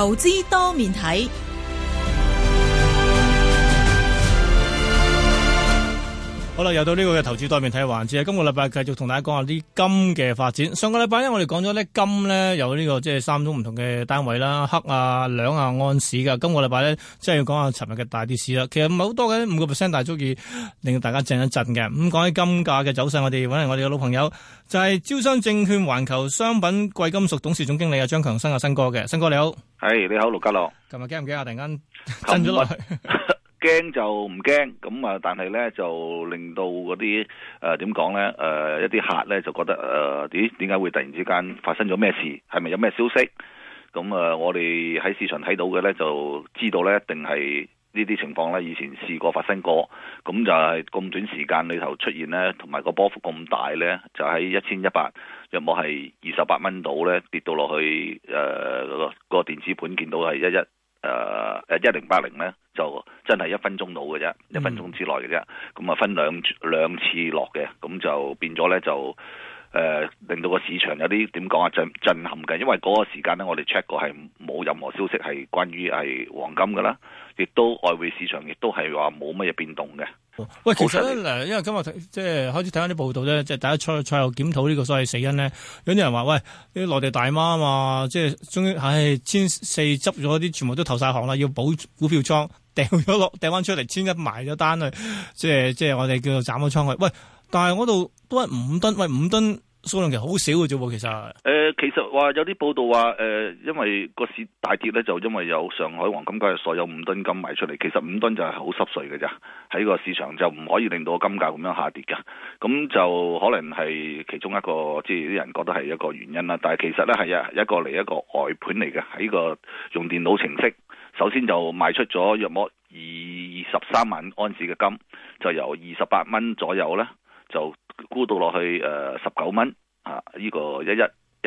投資多面睇。好啦，又到呢個嘅投資多面睇嘅環節。今個禮拜繼續同大家講下啲金嘅發展。上個禮拜咧，我哋講咗咧金咧有呢個即係三種唔同嘅單位啦，克啊、兩啊、安士噶。今個禮拜咧，即係要講下尋日嘅大跌市啦。其實唔係好多嘅，五個 percent 大足以令到大家震一震嘅。咁講起金價嘅走勢，我哋揾嚟我哋嘅老朋友，就係、是、招商證券環球商品貴金屬董事總經理啊張強生啊新哥嘅，新哥你好，係、hey, 你好，陸家樂，今日驚唔驚啊？突然間震咗落去。今問 驚就唔驚，咁啊，但係呢就令到嗰啲誒點講呢誒一啲客呢就覺得誒、呃，咦點解會突然之間發生咗咩事？係咪有咩消息？咁、嗯、啊、呃，我哋喺市場睇到嘅呢，就知道呢一定係呢啲情況呢以前試過發生過，咁、嗯、就係、是、咁短時間裏頭出現呢，同埋個波幅咁大呢，就喺一千一百，有冇係二十八蚊度呢，跌到落去誒、呃嗰個電子盤見到係一一誒一零八零呢，就。真係一分鐘到嘅啫，嗯、一分鐘之內嘅啫。咁啊，分兩兩次落嘅，咁就變咗咧，就誒、呃、令到個市場有啲點講啊，震震撼嘅。因為嗰個時間咧，我哋 check 過係冇任何消息係關於係黃金嘅啦，亦都外匯市場亦都係話冇乜嘢變動嘅。喂，其實咧嗱，因為今日即係開始睇翻啲報道咧，即係大家賽賽後檢討呢個所謂死因咧，有啲人話：喂，啲內地大媽啊嘛，即係終於唉千四執咗啲，全，全部都投晒行啦，要保股票倉。掟咗翻出嚟，千一埋咗單去，即係即係我哋叫做斬咗倉去。喂，但係嗰度都係五噸，喂五噸數量其實好少嘅啫喎，其實。誒、呃，其實話有啲報道話，誒、呃，因為個市大跌咧，就因為有上海黃金交易所有五噸金賣出嚟，其實五噸就係好濕碎嘅咋。喺個市場就唔可以令到金價咁樣下跌㗎，咁就可能係其中一個，即係啲人覺得係一個原因啦。但係其實咧係啊，一個嚟一個外盤嚟嘅，喺、個用電腦程式，首先就賣出咗約莫二十三萬安士嘅金，就由二十八蚊左右呢，就沽到落去誒十九蚊，啊呢、呢個一一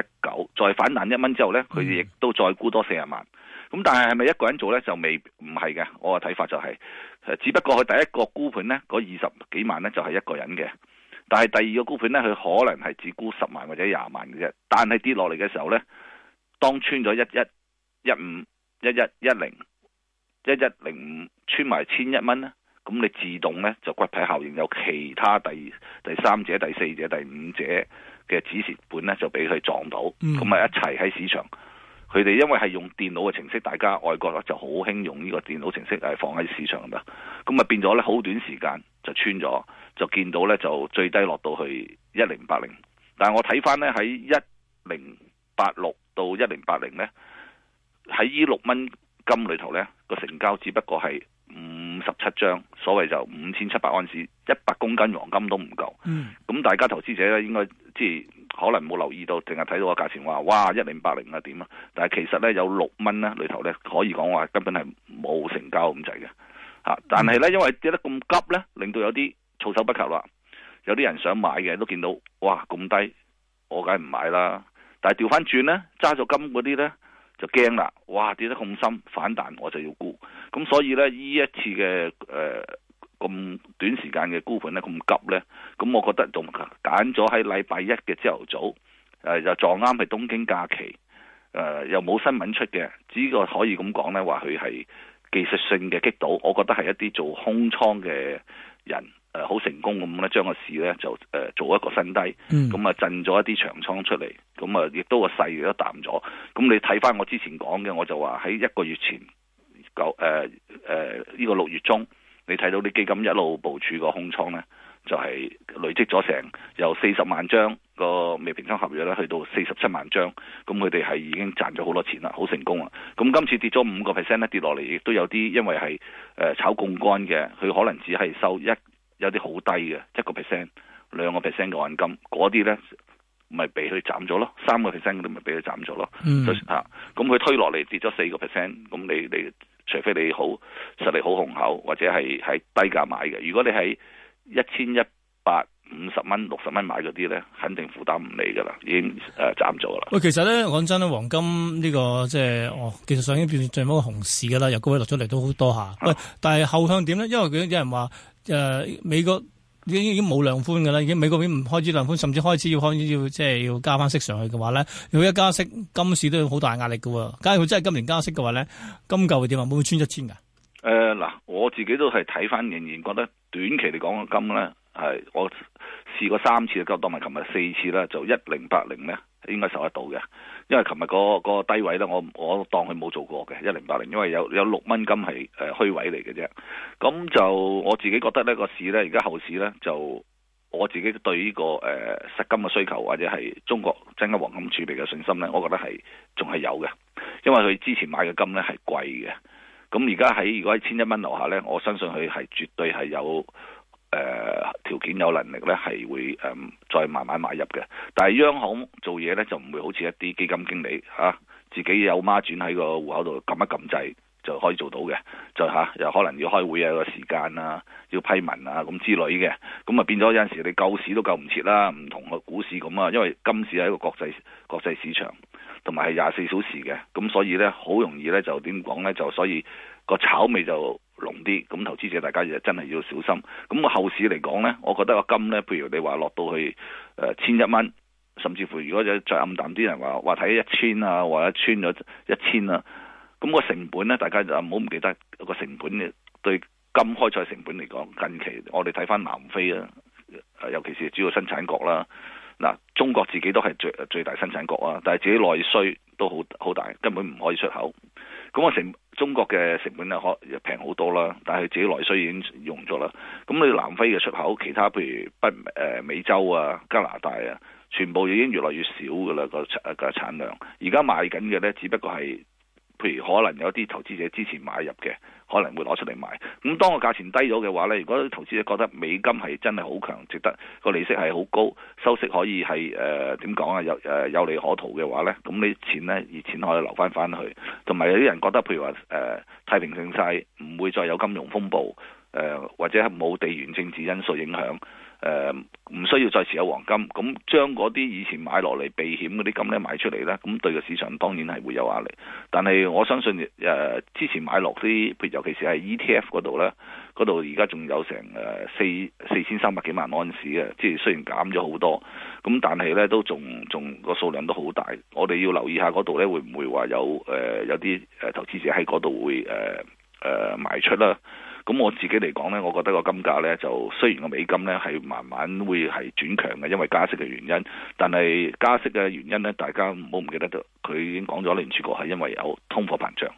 一九，再反彈一蚊之後呢，佢亦都再沽多四十萬。咁、嗯、但係係咪一個人做呢？就未唔係嘅，我嘅睇法就係、是，只不過佢第一個沽盤呢，嗰二十幾萬呢，就係、是、一個人嘅，但係第二個沽盤呢，佢可能係只沽十萬或者廿萬嘅啫。但係跌落嚟嘅時候呢，當穿咗一一一五。一一一零，一一零五穿埋千一蚊啦，咁你自動咧就骨牌效應，有其他第第三者、第四者、第五者嘅止蝕盤咧就俾佢撞到，咁咪、嗯、一齊喺市場，佢哋因為係用電腦嘅程式，大家外國咧就好興用呢個電腦程式係放喺市場度，咁咪變咗咧好短時間就穿咗，就見到咧就最低落到去一零八零，但係我睇翻咧喺一零八六到一零八零咧。喺依六蚊金裏頭，呢個成交只不過係五十七張，所謂就五千七百安士，一百公斤黃金都唔夠。咁、嗯、大家投資者咧，應該即係可能冇留意到，淨係睇到個價錢話，哇一零八零啊點啊，但係其實呢，有六蚊呢裏頭呢，可以講話根本係冇成交咁滯嘅。吓、啊，但係呢，因為跌得咁急呢，令到有啲措手不及啦，有啲人想買嘅都見到，哇咁低，我梗係唔買啦。但係調翻轉呢，揸咗金嗰啲呢。就驚啦！哇，跌得咁深，反彈我就要沽。咁所以呢，呢一次嘅誒咁短時間嘅沽盤呢，咁急呢，咁我覺得仲揀咗喺禮拜一嘅朝頭早，誒、呃、又撞啱係東京假期，誒、呃、又冇新聞出嘅，只個可以咁講呢，話佢係技術性嘅擊倒。我覺得係一啲做空倉嘅人。誒，好、呃、成功咁咧，將個市咧就誒、呃、做一個新低，咁啊震咗一啲長倉出嚟，咁啊亦都個細都淡咗。咁你睇翻我之前講嘅，我就話喺一個月前，九誒誒呢個六月中，你睇到啲基金一路部署個空倉咧，就係、是、累積咗成由四十萬張個未平倉合約咧，去到四十七萬張，咁佢哋係已經賺咗好多錢啦，好成功啊！咁今次跌咗五個 percent 咧跌落嚟，亦都有啲因為係誒炒槓桿嘅，佢可能只係收一。有啲好低嘅，一個 percent、兩個 percent 嘅按金，嗰啲咧咪俾佢斬咗咯；三個 percent 嗰啲咪俾佢斬咗咯。吓，咁佢、嗯嗯、推落嚟跌咗四個 percent，咁你你除非你好實力好雄厚，或者係係低價買嘅，如果你喺一千一百。五十蚊、六十蚊買嗰啲咧，肯定負擔唔嚟噶啦，已經誒斬咗啦。呃、喂，其實咧講真咧，黃金呢、這個即係、這個，哦，技術上已經變最尾個熊市噶啦，由高位落出嚟都好多下。啊、喂，但係後向點咧？因為有人話誒、呃、美國已經已經冇量寬噶啦，已經美國已經唔開始量寬，甚至開始要開始要即係要加翻息上去嘅話咧，如果一加息，金市都有好大壓力噶、哦。假如佢真係今年加息嘅話咧，金價會點啊？會唔會穿一千噶？誒嗱、呃，我自己都係睇翻，仍然覺得短期嚟講個金咧。係，我試過三次都當埋，琴日四次啦，就一零八零咧，應該受得到嘅。因為琴日嗰個低位咧，我我當佢冇做過嘅一零八零，80，因為有有六蚊金係誒虛位嚟嘅啫。咁就我自己覺得呢個市咧，而家後市咧，就我自己對呢、這個誒、呃、實金嘅需求或者係中國增加黃金儲備嘅信心咧，我覺得係仲係有嘅。因為佢之前買嘅金咧係貴嘅，咁而家喺如果喺千一蚊樓下咧，我相信佢係絕對係有。誒、呃、條件有能力咧，係會誒、呃、再慢慢買入嘅。但係央行做嘢咧，就唔會好似一啲基金經理嚇、啊，自己有孖轉喺個戶口度撳一撳掣就可以做到嘅。就嚇、啊、又可能要開會啊，個時間啦、啊，要批文啊咁之類嘅。咁啊變咗有陣時你救市都救唔切啦，唔同個股市咁啊，因為金市係一個國際國際市場，同埋係廿四小時嘅。咁所以咧，好容易咧就點講咧就所以。個炒味就濃啲，咁投資者大家亦真係要小心。咁個後市嚟講呢，我覺得個金呢，譬如你話落到去誒千一蚊，甚至乎如果再再暗淡啲，人話話睇一千啊，或者穿咗一千啊，咁個成本呢，大家就唔好唔記得個成本對金開採成本嚟講，近期我哋睇翻南非啊，尤其是主要生產國啦，嗱，中國自己都係最最大生產國啊，但係自己內需都好好大，根本唔可以出口。咁我成中國嘅成本就可又平好多啦，但係自己內需已經用咗啦。咁你南非嘅出口，其他譬如北誒美洲啊、加拿大啊，全部已經越來越少噶啦，個產個產量。而家賣緊嘅咧，只不過係。譬如可能有啲投資者之前買入嘅，可能會攞出嚟賣。咁當個價錢低咗嘅話呢，如果啲投資者覺得美金係真係好強，值得個利息係好高，收息可以係誒點講啊？有、呃、誒、呃呃、有利可圖嘅話呢，咁你錢呢，熱錢可以留翻翻去。同埋有啲人覺得譬如話誒、呃、太平盛世，唔會再有金融風暴、呃、或者係冇地緣政治因素影響。誒唔、呃、需要再持有黃金，咁、嗯、將嗰啲以前買落嚟避險嗰啲金咧賣出嚟啦，咁、嗯、對個市場當然係會有壓力。但係我相信誒、呃、之前買落啲，譬如尤其是係 E T F 嗰度咧，嗰度而家仲有成誒四四千三百幾萬安士嘅，即係雖然減咗好多，咁、嗯、但係咧都仲仲個數量都好大。我哋要留意下嗰度咧，會唔會話有誒有啲誒投資者喺嗰度會誒誒賣出啦。咁我自己嚟講呢，我覺得個金價呢，就雖然個美金呢係慢慢會係轉強嘅，因為加息嘅原因。但係加息嘅原因呢，大家唔好唔記得咗，佢已經講咗聯儲局係因為有通貨膨脹。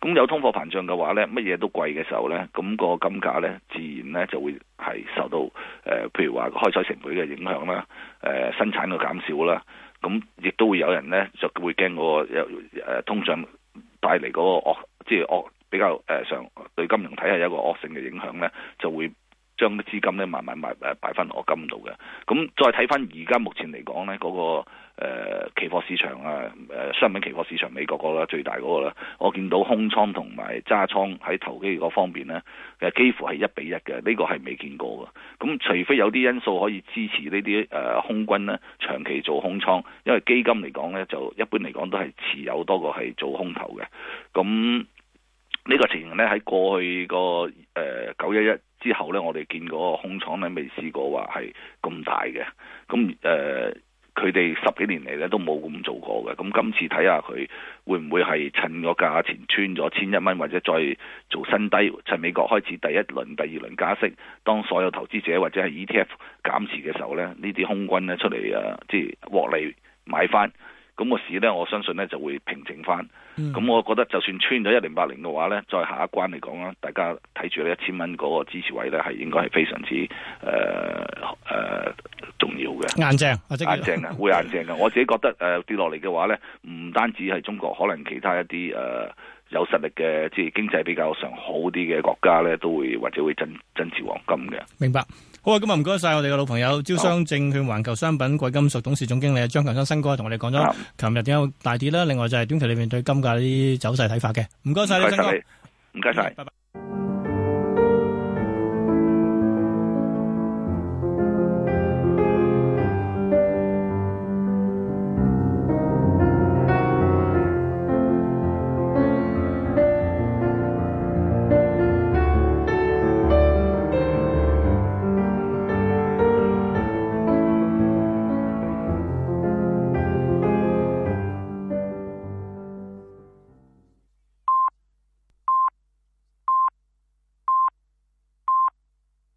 咁有通貨膨脹嘅話呢，乜嘢都貴嘅時候呢，咁、個金價呢自然呢就會係受到誒、呃、譬如話開採成本嘅影響啦，誒、呃、生產嘅減少啦，咁亦都會有人呢就會驚嗰、那個、呃呃、通脹帶嚟嗰個惡即係惡。比較誒、呃、上對金融體系有一個惡性嘅影響咧，就會將啲資金咧慢慢買誒擺翻落個金度嘅。咁、嗯、再睇翻而家目前嚟講咧，嗰、那個、呃、期貨市場啊誒、呃、商品期貨市場美國、那個啦，最大嗰個啦，我見到空倉同埋揸倉喺投機嗰方面咧，其實幾乎係一比一嘅，呢、這個係未見過嘅。咁、嗯、除非有啲因素可以支持呢啲誒空軍咧長期做空倉，因為基金嚟講咧就一般嚟講都係持有多過係做空頭嘅，咁、嗯。呢個情形咧喺過去個誒九一一之後咧，我哋見嗰個空倉咧未試過話係咁大嘅，咁誒佢哋十幾年嚟咧都冇咁做過嘅，咁今次睇下佢會唔會係趁個價錢穿咗千一蚊，或者再做新低，趁美國開始第一輪、第二輪加息，當所有投資者或者係 ETF 減持嘅時候咧，呢啲空軍咧出嚟啊，即係獲利買翻。咁個市咧，我相信咧就會平靜返。咁、嗯、我覺得就算穿咗一零八零嘅話咧，再下一關嚟講啦，大家睇住呢一千蚊嗰個支持位咧，係應該係非常之誒誒，呃呃重要嘅，硬淨或者硬淨正啊，硬正會硬淨噶。 我自己覺得，誒跌落嚟嘅話咧，唔單止係中國，可能其他一啲誒、呃、有實力嘅，即係經濟比較上好啲嘅國家咧，都會或者會增增持黃金嘅。明白，好啊，咁啊唔該晒我哋嘅老朋友招商證券環球商品貴金屬董事總經理張強生新哥，同我哋講咗，琴日點解大跌啦？另外就係短期裏面對金價啲走勢睇法嘅。唔該晒，唔該你新哥唔該晒。拜拜